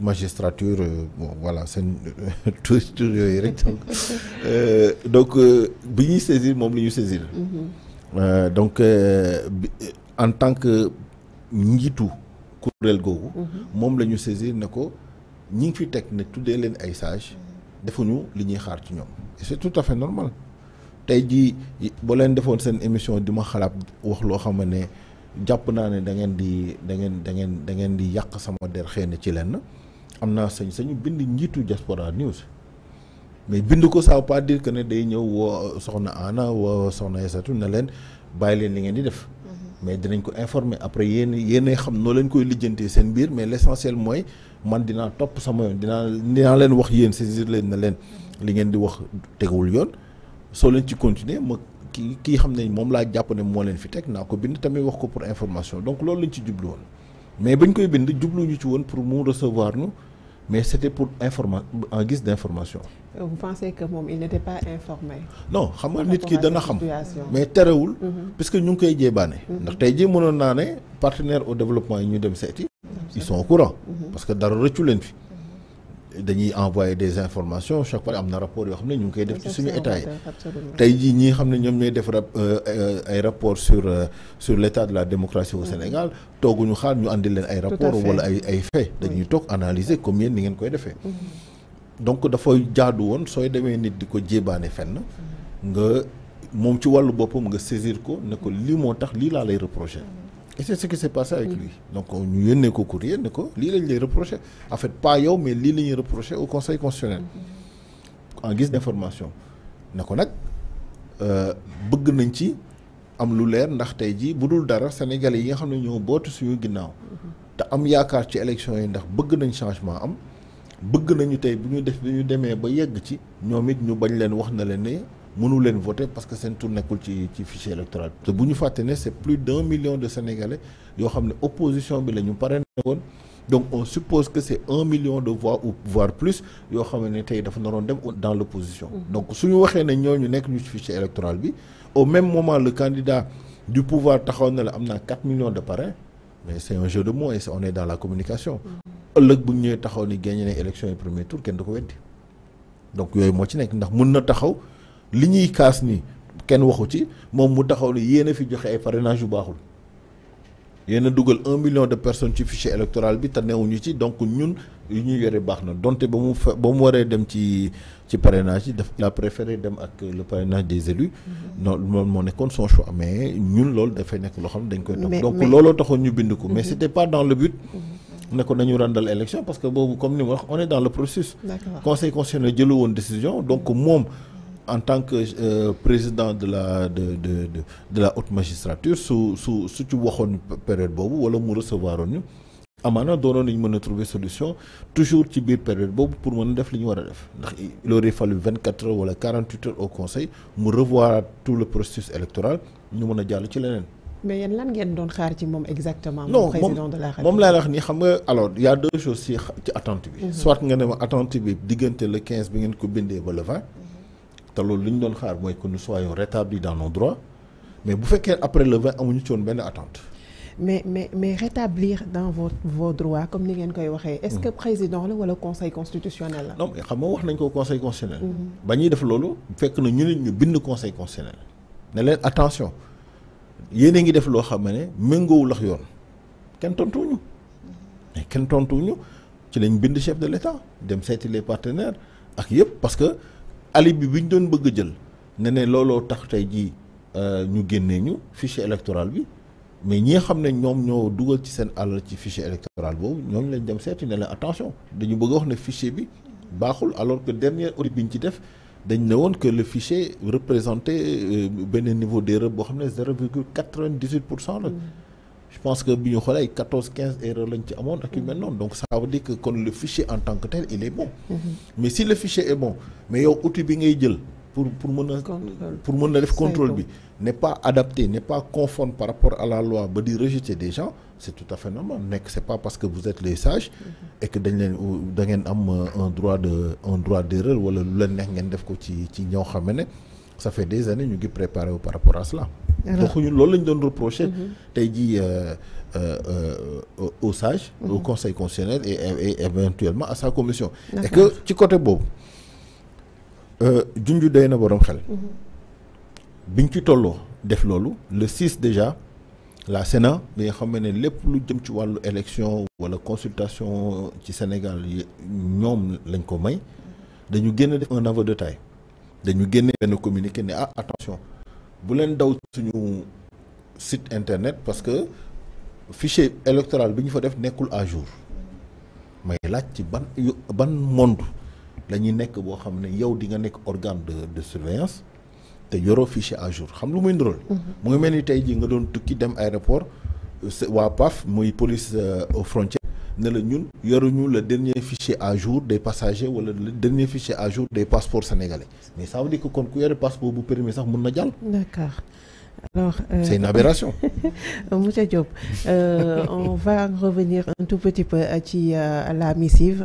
magistrature euh, bon voilà seen euh, tout yooyu rek donc euh, donc biñu saisir mom liñu saisir mm-hmm. donc en tant que njiitu kuréel googu mom mm-hmm. lañu saisir n'ako ko ñi fi tek ne tuddé len ay sage defuñu liñuy xaar ci ñom c'est tout à fait normal tay ji bo len defone sen émission di ma wax lo xam jàpp naa ne da ngeen di da ngeen da ngeen da ngeen di yàq sama der xëy na ci lenn am naa sañ sañu bind njiitu Diaspora News mais bind ko ça veut pas dire que ne day ñëw woo euh, soxna Anna woo soxna Aïssatou na leen bàyyi leen li ngeen di def. Mhm. mais dinañ ko informer après yéen yéen xam noo leen koy lijjantee seen biir mais l' essentiel mooy man dinaa topp sama yoon dinaa dinaa leen wax yéen saisir leen na leen mhm. li ngeen di wax teguwul yoon soo leen ci continuer ma ki kii mom la moom mo len fi tek nako bind tamit wax ko pour information donc loolu lañ ci djublu won mais bagn koy bind jubluñu ci won pour mu recevoir nous mais c'était pour informa en guise d'information. Euh, vous pensez que mom il n'était pas informé. non xam nga nit ki dana xam mais téréwul mhm. parce que ñu koy djébané mhm. ndax tay jii mënon na né partenaire au développement ñu dem séti ils sont au courant. Mhm. parce que dara rëccu len fi dañuy envoyer des informations chaque fois am na rapport yo xamné ñu ngi koy def ci suñu état yi tey jii ñi xamné ñom ñoy def rap euh, ay rapport sur euh, sur l'état de la démocratie au mm-hmm. Sénégal tooguñu xaar ñu àndi leen ay rapport wala ay ay faits dañuy mm-hmm. tok analyser combien ni ngeen koy défé mm-hmm. donc dafay jaadu won soy demee nit diko djébané fenn nga mom ci walu boppam nga saisir ko ne ko li moo tax lii laa lay reproché et c'est ce qui s'est passé avec lui donc ñu yónnee ko courrier yónnee ko lii lañ lay reproché en fait pas yow mais lii la ñuy reproché au conseil constitutionnel en guise d'information na ko nag euh, bëgg nañ ci am lu leer ndax tey jii bu dara sénégalais yi nga xam ne ñoo bootu suñu ginnaaw Ta am yaakaar ci élection yi ndax bëgg nañ changement am bëgg nañu tay, bu ñu def bu ñu demee ba yegg ci ñoom it ñu bañ leen wax na leen nous voulons voter parce que c'est un nekkul ci ci fichier électoral Ce que nous avons c'est plus d'un million de sénégalais qui ont l'opposition opposition bi donc on suppose que c'est un million de voix ou voire plus qui ont été dans l'opposition mm-hmm. donc si nous avons un fichier électoral au même moment le candidat du pouvoir a 4 millions de parrains mais c'est un jeu de mots et on est dans la communication mm-hmm. Le bu ñu gagné l'élection élection premier tour est-ce du ko weddi donc yooyu moo ci nekk ndax qui taxaw li ñuy kaas ni kenn waxu ci moom mu taxaw ni yéen a fi joxe ay parrainage yu baaxul yéen a dugal un million de personnes ci fichier électoral bi te newuñu ci donc ñun yu ñu yore baax na donte ba mu ba mu waree dem ci ci parrainage yi la préférée dem ak le parrainage des élus. Mhm. non loolu moo nekkoon son choix mais ñun loolu dafay nekk loo xam dañ koy. mais donc looloo taxoon ñu bind mais mhm. c'était pas dans le but. Mhm. ne ko nañu randal élection parce que boobu comme ni wax on est dans le processus. conseil constitutionnel jëlu woon décision donc moom en tant que euh, président de la de de de, de la haute magistrature sous sous su ci waxoon période boobu wala mu recevoir ñu amaana doonoon nañ nous trouver solution toujours ci biir période pour nous def li def il aurait fallu 24 heures ou 48 heures au conseil mu revoir tout le processus électoral nous mën a jàll ci mais yéen lan ngeen doon xaar ci mom exactement. président de la République mom wax ni xam nga alors y' a deux choses ci attente bi. Mhm. soit nga ne attente bi le 15 bi ngeen ko ba le vingt. C'est ce que nous soyons rétablis dans nos droits mais après le 20 nous avons une attente. mais rétablir dans vos droits comme ni ngeen koy est-ce que mm. président ou le conseil constitutionnel non mais xam nga wax conseil constitutionnel. Mm-hmm. nous, conseil constitutionnel. attention que ngi def que nous ne nous mm-hmm. chef de l'État les partenaires parce que alibi bi ñu doon bëgg jël ne ne looloo tax tey jii euh, ñu génnee ñu fichier électoral bi mais ñi xam ne ñoom ñoo dugal ci seen àll ci fichier électoral boobu ñoom lañ dem seeti ne la attention dañu bëgg wax ne fichier bi baaxul alors que dernier audit bi ñu ci def dañ ne woon que le fichier représentait euh, benn niveau d'erreur boo xam ne zéro virgule quatre-vingt-dix-huit pour cent la mm je pense que bien 14 15 erreurs lañ à amoon donc ça veut dire que le fichier en tant que tel il est bon. Mhm. mais si le fichier est bon mais il outil a ngay jël pour pour mon pour mon contrôle n'est pas adapté n'est pas conforme par rapport à la loi ba dire rejeter des gens c'est tout à fait normal Ce c'est pas parce que vous êtes les sages. Mhm. et que vous avez euh, un droit de droit d'erreur ça fait des années que nous préparons par rapport à cela doxuñu loolu lañ doon reproché mhm. tey dit euh, euh, euh, au SAGE mhm. au conseil constitutionnel et, éventuellement à sa commission et que tu côté boobu d'une day na borom xel mhm. biñ ci tolloo def le 6 déjà la Sénat mais nga xam les lépp lu jëm ci wàllu élection wala consultation ci Sénégal ñoom lañ ko may dañu génn def un aveu de taille dañu génne benn communiqué mais ah attention bu leen suñu site internet parce que fichier électoral n'est fa à jour Mais laaj ci ban ban monde lañu nek yow di nga organe de de surveillance té fichier à jour xam lu muy mhm. mu ngi melni nga tukki dem euh, police euh, aux frontières ne la ñun yoruñu le dernier fichier à jour des passagers ou le dernier fichier à jour des passeports sénégalais mais ça veut dire que kon ku passeport bu permis sax mën na d'accord euh, c'est une aberration. Diop, euh, on va revenir un tout petit peu à euh, la missive